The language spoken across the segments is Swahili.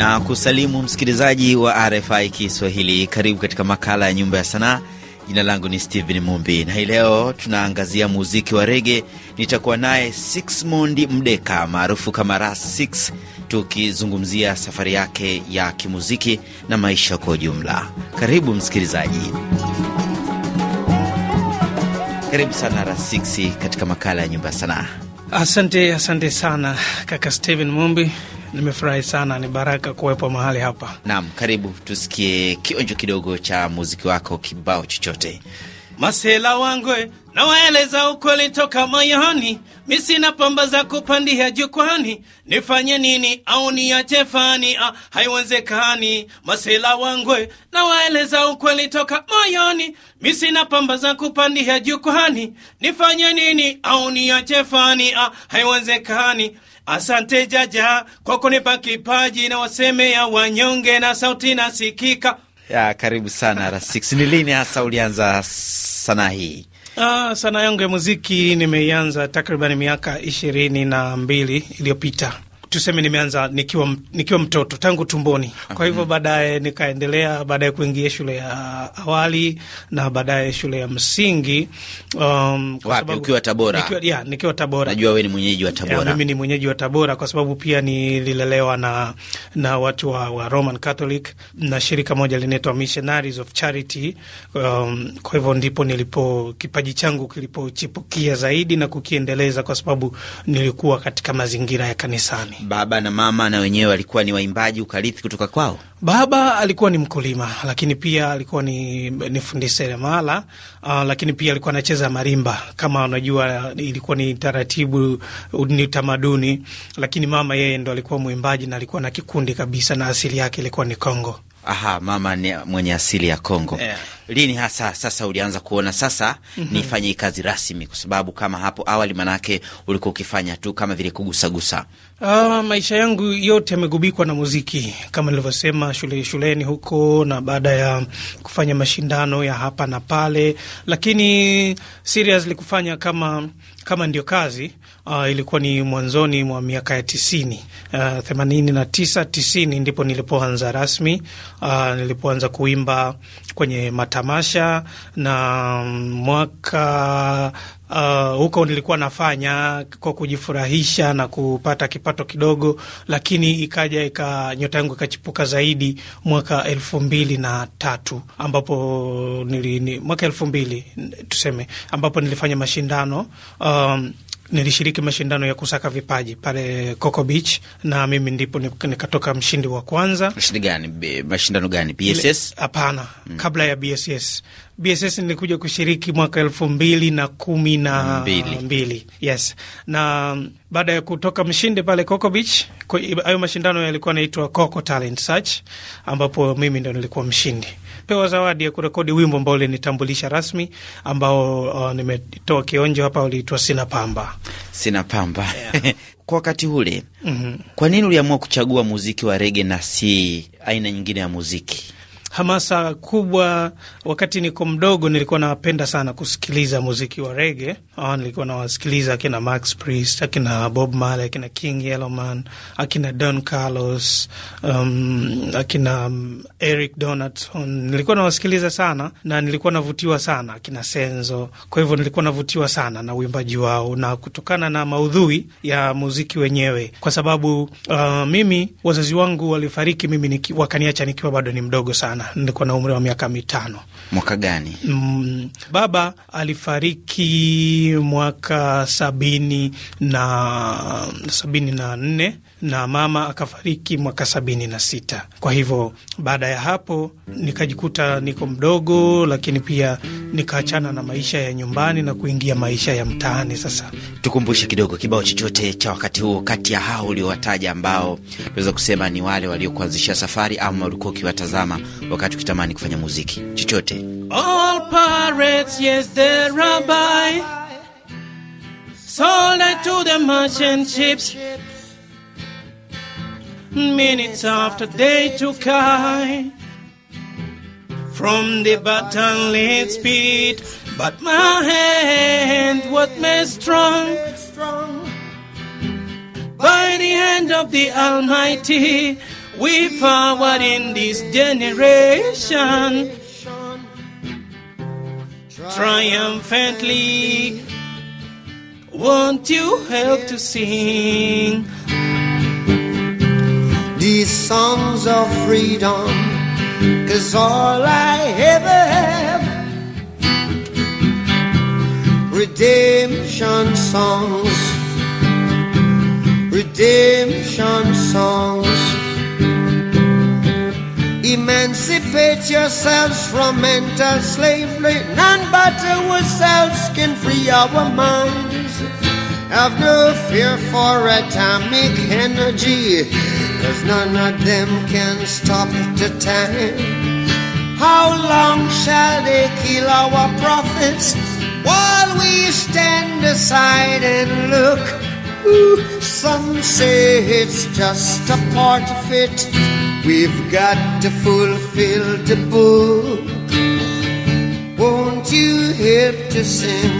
na kusalimu msikilizaji wa RFI Kiswahili. Karibu katika makala ya Nyumba ya Sanaa. Jina langu ni Steven Mumbi na hii leo tunaangazia muziki wa rege. Nitakuwa naye Sixmond Mdeka maarufu kama Ras 6 tukizungumzia safari yake ya kimuziki na maisha kwa ujumla. Karibu msikilizaji. Karibu sana Ras 6 katika makala ya Nyumba ya Sanaa. Asante, asante sana kaka Steven Mumbi. Nimefurahi sana, ni baraka kuwepo mahali hapa. Naam, karibu tusikie kionjo kidogo cha muziki wako, kibao chochote. Masela wangu nawaeleza ukweli toka moyoni, misina pamba za kupandia jukwani, nifanye nini au niache fani? Ah, haiwezekani. Masela wangu nawaeleza ukweli toka moyoni, misina pamba za kupandia jukwani, nifanye nini au niache fani? Ah, haiwezekani. Asante Jaja kwa kunipa kipaji na wasemea wanyonge na sauti nasikika ya, karibu sana r Ni lini hasa ulianza sanaa hii? Ah, sanaa yangu ya muziki nimeianza takriban miaka ishirini na mbili iliyopita tuseme nimeanza nikiwa, nikiwa mtoto tangu tumboni. Kwa hivyo mhm. baadaye nikaendelea baadaye kuingia shule ya awali na baadaye shule ya msingi. Um, wapi? Ukiwa Tabora? Nikiwa, ya, nikiwa Tabora. Najua wewe ni mwenyeji wa Tabora. Ya, mimi ni mwenyeji wa Tabora kwa sababu pia nililelewa na, na watu wa, wa Roman Catholic na shirika moja linaitwa Missionaries of Charity. Um, kwa hivyo ndipo nilipo kipaji changu kilipochipukia zaidi na kukiendeleza kwa sababu nilikuwa katika mazingira ya kanisani. Baba na mama na wenyewe walikuwa ni waimbaji, ukarithi kutoka kwao. Baba alikuwa ni mkulima, lakini pia alikuwa ni, ni fundi seremala uh, lakini pia alikuwa anacheza marimba. Kama unajua, ilikuwa ni taratibu, ni utamaduni Lakini mama yeye ndo alikuwa mwimbaji na alikuwa na kikundi kabisa, na asili yake ilikuwa ni Kongo. Aha, mama ni mwenye asili ya Kongo yeah. Lini hasa sasa ulianza kuona sasa mm -hmm. nifanye kazi rasmi, kwa sababu kama hapo awali manake ulikuwa ukifanya tu kama vile kugusagusa? Ah, maisha yangu yote yamegubikwa na muziki kama nilivyosema, shule shuleni huko na baada ya kufanya mashindano ya hapa na pale, lakini seriously kufanya kama kama ndio kazi uh, ilikuwa ni mwanzoni mwa miaka ya tisini, uh, themanini na tisa tisini ndipo nilipoanza rasmi. Uh, nilipoanza kuimba kwenye matamasha na mwaka uh, huko nilikuwa nafanya kwa kujifurahisha na kupata kipato kidogo, lakini ikaja ika nyota yangu ikachipuka zaidi mwaka elfu mbili na tatu ambapo nili, mwaka elfu mbili tuseme ambapo nilifanya mashindano um, nilishiriki mashindano ya kusaka vipaji pale Coco Beach na mimi ndipo nikatoka mshindi wa kwanza. Mshindi gani? Mashindano gani? BSS? Hapana, mm. Kabla ya BSS. BSS nilikuja kushiriki mwaka elfu mbili na kumi na mbili. Mbili. Yes. Na mm, baada ya kutoka mshindi pale Coco Beach, hayo mashindano yalikuwa naitwa Coco Talent Search ambapo mimi ndo nilikuwa mshindi pewa zawadi ya kurekodi wimbo ambao ulinitambulisha rasmi, ambao uh, nimetoa kionjo hapa, uliitwa sina pamba, sina pamba yeah. Kwa wakati ule mm -hmm. Kwa nini uliamua kuchagua muziki wa rege na si aina nyingine ya muziki? hamasa kubwa. Wakati niko mdogo, nilikuwa nawapenda sana kusikiliza muziki wa rege. Ah, nilikuwa nawasikiliza akina Max Priest, akina Bob Marley, akina King Yellowman, akina Don Carlos, um, akina um, Eric Donaldson. Nilikuwa nawasikiliza sana na nilikuwa navutiwa sana akina Senzo. Kwa hivyo nilikuwa navutiwa sana na uimbaji wao na kutokana na maudhui ya muziki wenyewe, kwa sababu uh, mimi wazazi wangu walifariki, mimi niki, wakaniacha nikiwa bado ni mdogo sana sana, nilikuwa na umri wa miaka mitano. Mwaka gani? Mm, baba alifariki mwaka sabini na sabini na nne na mama akafariki mwaka sabini na sita. Kwa hivyo baada ya hapo nikajikuta niko mdogo, lakini pia nikaachana na maisha ya nyumbani na kuingia maisha ya mtaani. Sasa tukumbushe kidogo kibao chochote cha wakati huo kati ya hao uliowataja ambao tunaweza kusema ni wale waliokuanzisha safari ama walikuwa ukiwatazama wakati ukitamani kufanya muziki chochote. All pirates, yes, the rabbi sold to the merchant ships. Minutes after they took high from the battle, lead speed, but my hand was made strong by the hand of the Almighty. We forward in this generation triumphantly. Won't you help to sing these songs of freedom? Cause all I ever have redemption songs, redemption songs. yourselves from mental slavery. None but ourselves can free our minds. Have no fear for atomic energy, cause none of them can stop the time. How long shall they kill our prophets while we stand aside and look? Ooh, some say it's just a part of it. We've got to fulfill the book. Won't you help to sing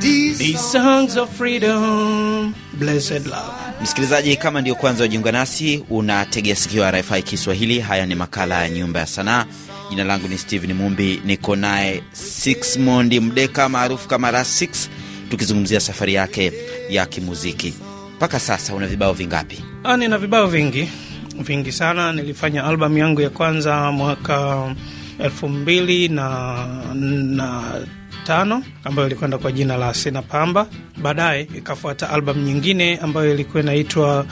these, songs of freedom? Blessed love. Msikilizaji, kama ndio kwanza ujiunga nasi, unategea sikio RFI Kiswahili. Haya ni makala ya Nyumba ya Sanaa. Jina langu ni Steven Mumbi, niko naye Sixmond Mdeka maarufu kama Ras6 tukizungumzia safari yake ya kimuziki mpaka sasa una vibao vingapi? Ah, nina vibao vingi vingi sana. Nilifanya albamu yangu ya kwanza mwaka elfu mbili na, na tano ambayo ilikwenda kwa jina la Sina Pamba. Baadaye ikafuata albamu nyingine ambayo ilikuwa inaitwa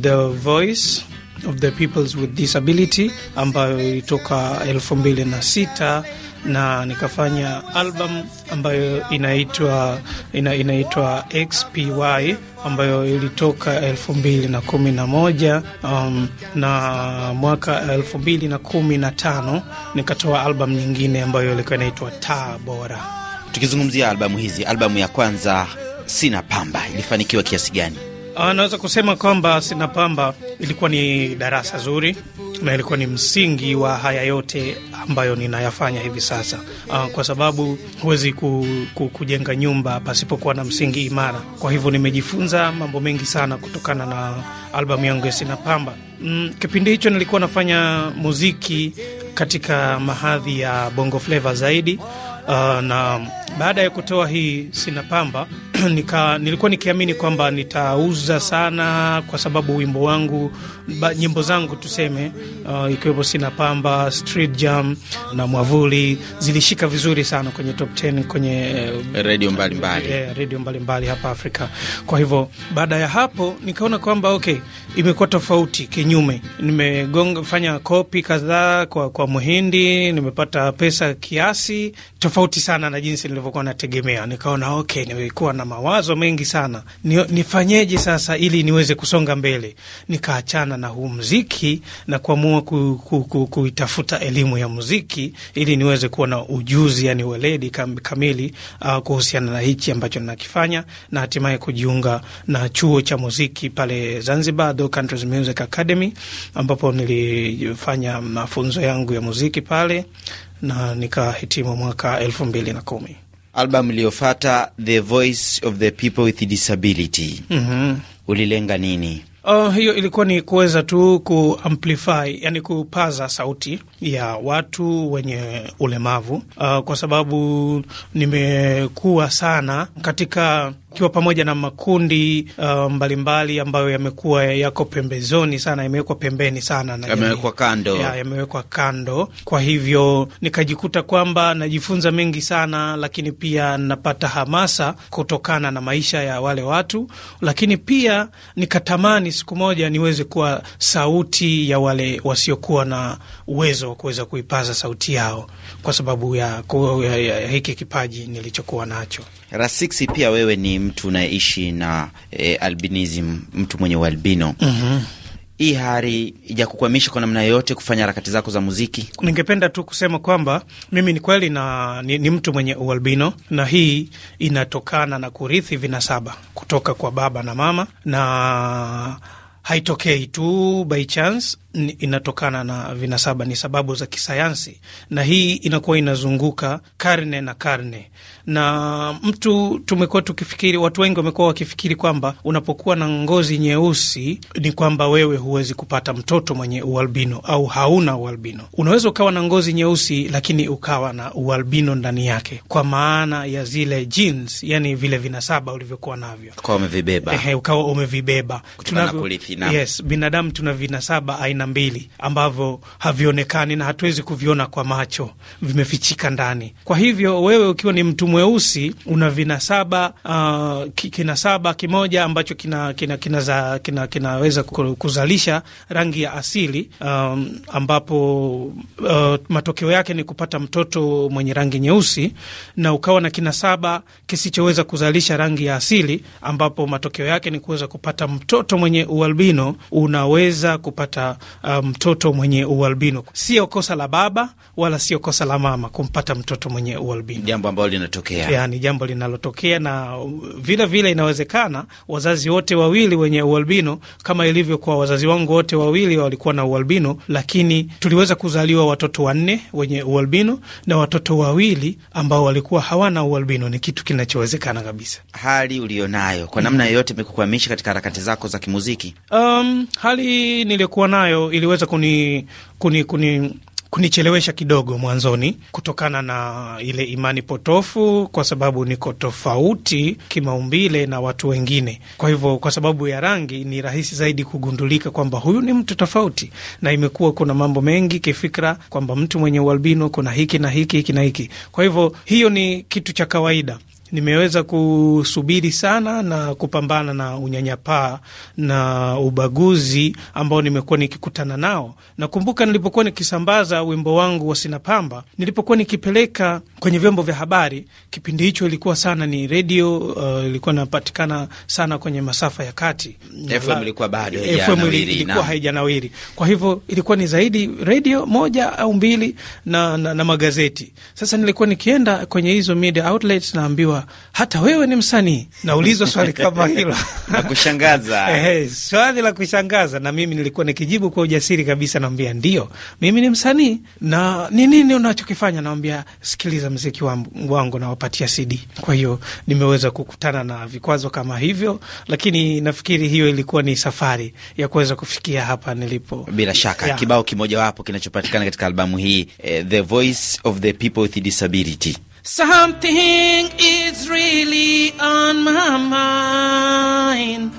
The Voice of the Peoples with Disability ambayo ilitoka elfu mbili na sita na nikafanya album ambayo inaitwa ina, inaitwa XPY ambayo ilitoka elfu mbili na kumi na moja um, na mwaka elfu mbili na kumi na tano nikatoa album nyingine ambayo ilikuwa inaitwa Taa Bora. Tukizungumzia albamu hizi, albamu ya kwanza Sina Pamba ilifanikiwa kiasi gani? Anaweza ah, kusema kwamba Sinapamba ilikuwa ni darasa zuri na ilikuwa ni msingi wa haya yote ambayo ninayafanya hivi sasa. Uh, kwa sababu huwezi ku, ku, kujenga nyumba pasipokuwa na msingi imara. Kwa hivyo nimejifunza mambo mengi sana kutokana na albamu yangu ya Sinapamba. Mm, kipindi hicho nilikuwa nafanya muziki katika mahadhi ya bongo fleva zaidi, uh, na baada ya kutoa hii sina pamba nika, nilikuwa nikiamini kwamba nitauza sana, kwa sababu wimbo wangu ba, nyimbo zangu tuseme, uh, ikiwepo sina pamba, street jam na mwavuli zilishika vizuri sana kwenye top 10 kwenye uh, redio mbalimbali yeah, redio mbalimbali hapa Afrika. Kwa hivyo baada ya hapo nikaona kwamba ok imekuwa tofauti kinyume. Nimefanya kopi kadhaa kwa, kwa Muhindi, nimepata pesa kiasi tofauti sana na jinsi nilivyo nilivyokuwa nategemea. Nikaona okay, nilikuwa na mawazo mengi sana ni, nifanyeje sasa ili niweze kusonga mbele. Nikaachana na huu mziki na kuamua ku, ku, ku, kuitafuta elimu ya muziki ili niweze kuwa na ujuzi, yani weledi kam, kamili uh, kuhusiana na hichi ambacho nakifanya na hatimaye kujiunga na chuo cha muziki pale Zanzibar, Dhow Countries Music Academy ambapo nilifanya mafunzo yangu ya muziki pale na nikahitimu mwaka elfu mbili na kumi albamu iliyofata The Voice of the People with Disability. mm -hmm. Ulilenga nini? Uh, hiyo ilikuwa ni kuweza tu kuamplify, yani kupaza sauti ya watu wenye ulemavu uh, kwa sababu nimekuwa sana katika kiwa pamoja na makundi uh, mbalimbali mbali ambayo yamekuwa yako pembezoni sana, yamewekwa pembeni sana na yamewekwa kando, ya, yamewekwa kando. Kwa hivyo nikajikuta kwamba najifunza mengi sana, lakini pia napata hamasa kutokana na maisha ya wale watu, lakini pia nikatamani siku moja niweze kuwa sauti ya wale wasiokuwa na uwezo wa kuweza kuipaza sauti yao kwa sababu ya, ya, ya, ya hiki kipaji nilichokuwa nacho. Rasiksi, pia wewe ni mtu unayeishi na e, albinism, mtu mwenye ualbino. mm -hmm hii hali ijakukwamisha kwa namna yoyote kufanya harakati zako za muziki? Ningependa tu kusema kwamba mimi ni kweli na ni, ni mtu mwenye ualbino na hii inatokana na kurithi vinasaba kutoka kwa baba na mama na haitokei tu by chance inatokana na vinasaba, ni sababu za kisayansi, na hii inakuwa inazunguka karne na karne, na mtu tumekuwa tukifikiri, watu wengi wamekuwa wakifikiri kwamba unapokuwa na ngozi nyeusi ni kwamba wewe huwezi kupata mtoto mwenye ualbino au hauna ualbino. Unaweza ukawa na ngozi nyeusi lakini ukawa na ualbino ndani yake, kwa maana ya zile genes, yani vile vinasaba ulivyokuwa navyo ukawa umevibeba. Ehe, ukawa umevibeba. Tunavyo, yes, binadamu tuna vinasaba aina na mbili ambavyo havionekani na hatuwezi kuviona kwa macho, vimefichika ndani. Kwa hivyo wewe ukiwa ni mtu mweusi una vinasaba uh, kinasaba kimoja ambacho kinaweza kina, kina kina, kina kuzalisha rangi ya asili um, ambapo uh, matokeo yake ni kupata mtoto mwenye rangi nyeusi, na ukawa na kinasaba kisichoweza kuzalisha rangi ya asili ambapo matokeo yake ni kuweza kupata mtoto mwenye ualbino, unaweza kupata Uh, mtoto um, mwenye ualbino. Sio kosa la baba wala sio kosa la mama kumpata mtoto mwenye ualbino, jambo ambalo linatokea, yani jambo linalotokea, na uh, vile vile inawezekana wazazi wote wawili wenye ualbino, kama ilivyo kwa wazazi wangu wote wawili walikuwa na ualbino, lakini tuliweza kuzaliwa watoto wanne wenye ualbino na watoto wawili ambao walikuwa hawana ualbino. Ni kitu kinachowezekana kabisa. Hali ulionayo kwa namna yoyote imekukwamisha katika harakati zako za kimuziki? Um, hali niliyokuwa nayo ambayo iliweza kuni, kuni, kuni kunichelewesha kidogo mwanzoni kutokana na ile imani potofu, kwa sababu niko tofauti kimaumbile na watu wengine. Kwa hivyo, kwa sababu ya rangi ni rahisi zaidi kugundulika kwamba huyu ni mtu tofauti, na imekuwa kuna mambo mengi kifikra kwamba mtu mwenye ualbino kuna hiki na hiki hiki na hiki. Kwa hivyo, hiyo ni kitu cha kawaida, nimeweza kusubiri sana na kupambana na unyanyapaa na ubaguzi ambao nimekuwa nikikutana nao. Nakumbuka nilipokuwa nikisambaza wimbo wangu wa Sinapamba, nilipokuwa nikipeleka kwenye vyombo vya habari, kipindi hicho ilikuwa sana ni redio uh, ilikuwa inapatikana sana kwenye masafa ya kati, FM ilikuwa bado ilikuwa haijanawiri, kwa hivyo ilikuwa ni zaidi redio moja au mbili na, na, na magazeti. Sasa nilikuwa nikienda kwenye hizo media outlets, naambiwa unaambiwa hata wewe ni msanii. Naulizwa swali kama hilo la kushangaza eh, swali la kushangaza, na mimi nilikuwa nikijibu kwa ujasiri kabisa, naambia ndio, mimi ni msanii. Na ni nini unachokifanya? Naambia sikiliza mziki wangu, nawapatia CD. Kwa hiyo nimeweza kukutana na vikwazo kama hivyo, lakini nafikiri hiyo ilikuwa ni safari ya kuweza kufikia hapa nilipo. Bila shaka yeah. Kibao kimojawapo kinachopatikana katika albamu hii eh, The Voice of the People with Disability Something is really on my mind.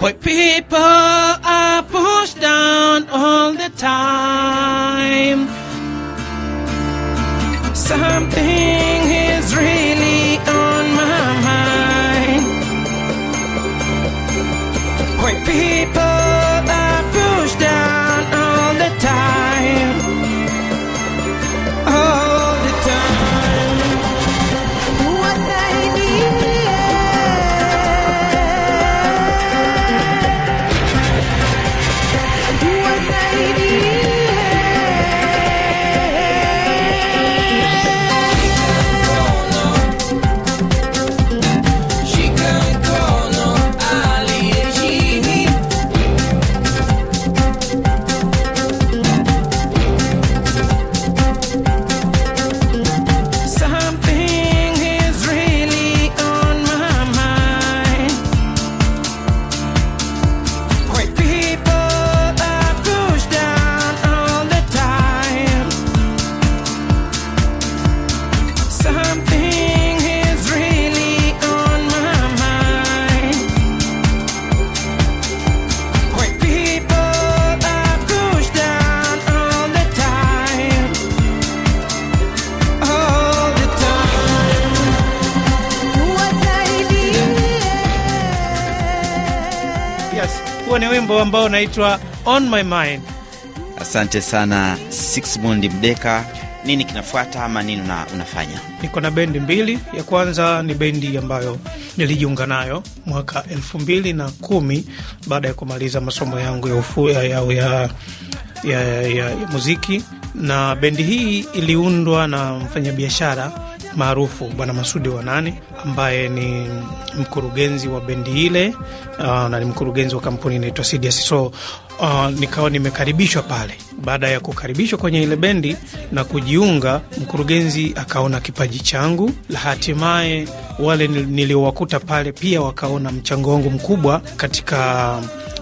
Why people are pushed down all the time. Something ulikuwa ni wimbo ambao unaitwa On My Mind. Asante sana Sixmund Mdeka. Nini kinafuata ama nini una, unafanya? Niko na bendi mbili. Ya kwanza ni bendi ambayo nilijiunga nayo mwaka elfu mbili na kumi baada ya kumaliza masomo yangu ya, ufu, ya, ya, ya, ya, ya, ya muziki, na bendi hii iliundwa na mfanyabiashara maarufu Bwana Masudi Wanani ambaye ni mkurugenzi wa bendi ile uh, na ni mkurugenzi wa kampuni inaitwa CDS. So uh, nikawa nimekaribishwa pale. Baada ya kukaribishwa kwenye ile bendi na kujiunga, mkurugenzi akaona kipaji changu na hatimaye wale niliowakuta pale pia wakaona mchango wangu mkubwa katika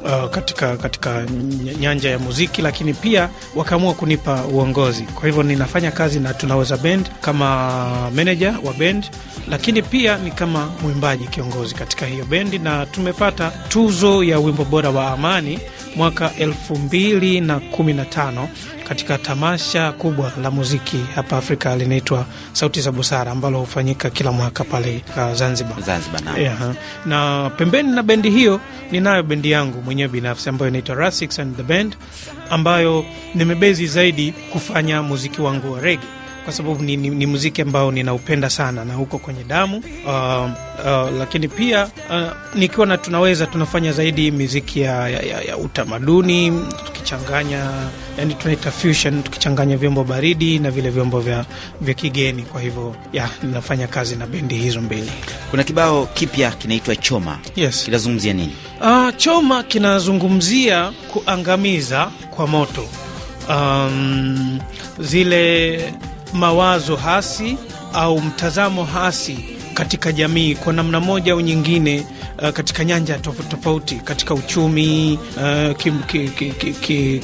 uh, katika, katika nyanja ya muziki, lakini pia wakaamua kunipa uongozi. Kwa hivyo ninafanya kazi na Tunaweza bend kama meneja wa bend lakini pia ni kama mwimbaji kiongozi katika hiyo bendi, na tumepata tuzo ya wimbo bora wa amani mwaka 215 katika tamasha kubwa la muziki hapa Afrika linaitwa Sauti za Busara ambalo hufanyika kila mwaka pale uh, Zanzibar, Zanzibar na. Yeah, na pembeni na bendi hiyo ninayo bendi yangu mwenyewe binafsi ambayo inaitwa Rasix and the Band ambayo nimebezi zaidi kufanya muziki wangu wa rege kwa sababu ni, ni, ni muziki ambao ninaupenda sana na uko kwenye damu uh, uh, lakini pia uh, nikiwa na tunaweza tunafanya zaidi miziki ya, ya, ya, ya utamaduni tukichanganya, yani tunaita fusion, tukichanganya vyombo baridi na vile vyombo vya, vya kigeni. Kwa hivyo ya ninafanya kazi na bendi hizo mbili. Kuna kibao kipya kinaitwa Choma. Yes. Kinazungumzia nini? Uh, Choma kinazungumzia kuangamiza kwa moto um, zile mawazo hasi au mtazamo hasi katika jamii kwa namna moja au nyingine, uh, katika nyanja tofauti tofauti, katika uchumi, uh, eh, kimawazo, ki, ki, ki, ki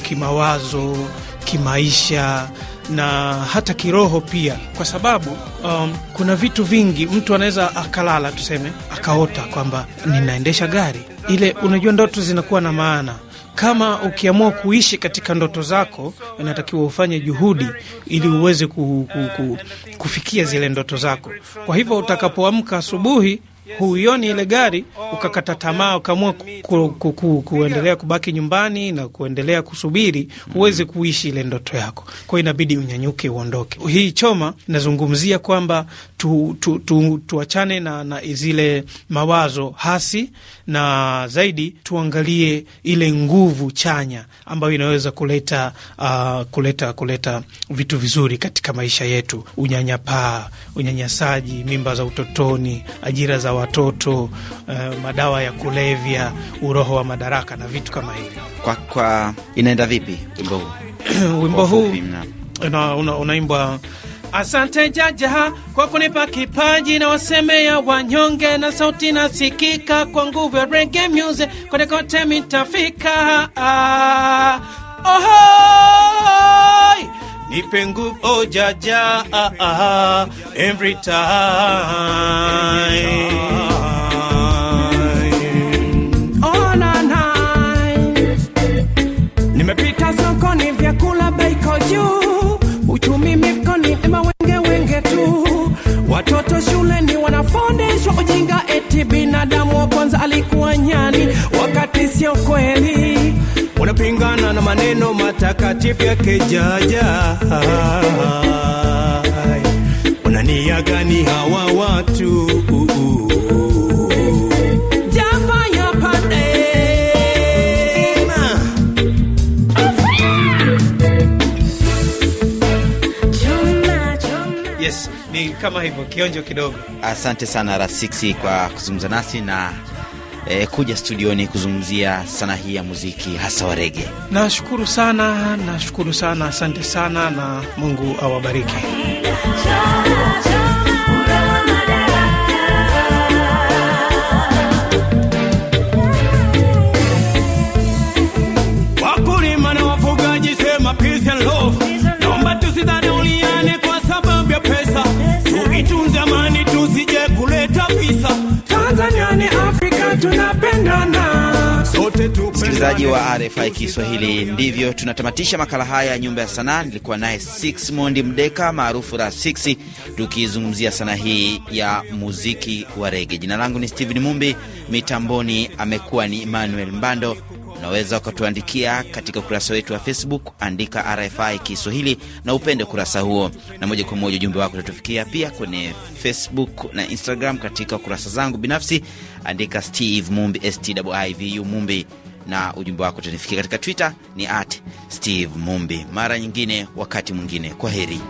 kimaisha na hata kiroho pia, kwa sababu um, kuna vitu vingi mtu anaweza akalala, tuseme akaota kwamba ninaendesha gari ile. Unajua, ndoto zinakuwa na maana kama ukiamua kuishi katika ndoto zako, inatakiwa ufanye juhudi ili uweze ku, ku, ku, kufikia zile ndoto zako. Kwa hivyo utakapoamka asubuhi huioni ile gari ukakata tamaa ukaamua ku, ku, ku, kuendelea kubaki nyumbani na kuendelea kusubiri, huwezi kuishi ile ndoto yako. Kwa hiyo inabidi unyanyuke, uondoke. Hii choma inazungumzia kwamba tuachane tu, tu, tu na, na zile mawazo hasi na zaidi tuangalie ile nguvu chanya ambayo inaweza kuleta, uh, kuleta kuleta vitu vizuri katika maisha yetu: unyanyapaa, unyanyasaji, mimba za utotoni, ajira za watoto, uh, madawa ya kulevya, uroho wa madaraka na vitu kama hivi. Kwa, kwa inaenda vipi wimbo huu? wimbo huu unaimbwa una Asante Jaja kwa kunipa kipaji na waseme ya wanyonge, na sauti nasikika kwa nguvu ya reggae music, kote kote mitafika. Ah, ohoi nipe nguvu oh Jaja, every time oh, nimepita sokoni, vyakula bei iko juu Watoto shuleni wanafundishwa ujinga, eti binadamu wa kwanza alikuwa nyani, wakati sio kweli. Unapingana na maneno matakatifu yake Jaja. Unania gani hawa watu Yes ni kama hivyo kionjo kidogo. Asante sana r kwa kuzungumza nasi na E, kuja studioni kuzungumzia sanaa hii ya muziki hasa wa rege. Nashukuru sana, nashukuru sana, asante sana na Mungu awabariki. Msikilizaji wa RFI Kiswahili, ndivyo tunatamatisha makala haya ya nyumba ya sanaa. Nilikuwa naye Six Mondi Mdeka maarufu ra 6 tukizungumzia sanaa hii ya muziki wa rege. Jina langu ni stephen Mumbi, mitamboni amekuwa ni Emmanuel Mbando. Unaweza ukatuandikia katika ukurasa wetu wa Facebook, andika RFI Kiswahili na upende ukurasa huo, na moja kwa moja ujumbe wako utatufikia. Pia kwenye Facebook na Instagram, katika kurasa zangu binafsi, andika Steve Mumbi, Stivu Mumbi, na ujumbe wako utanifikia. Katika Twitter ni at Steve Mumbi. Mara nyingine, wakati mwingine, kwa heri.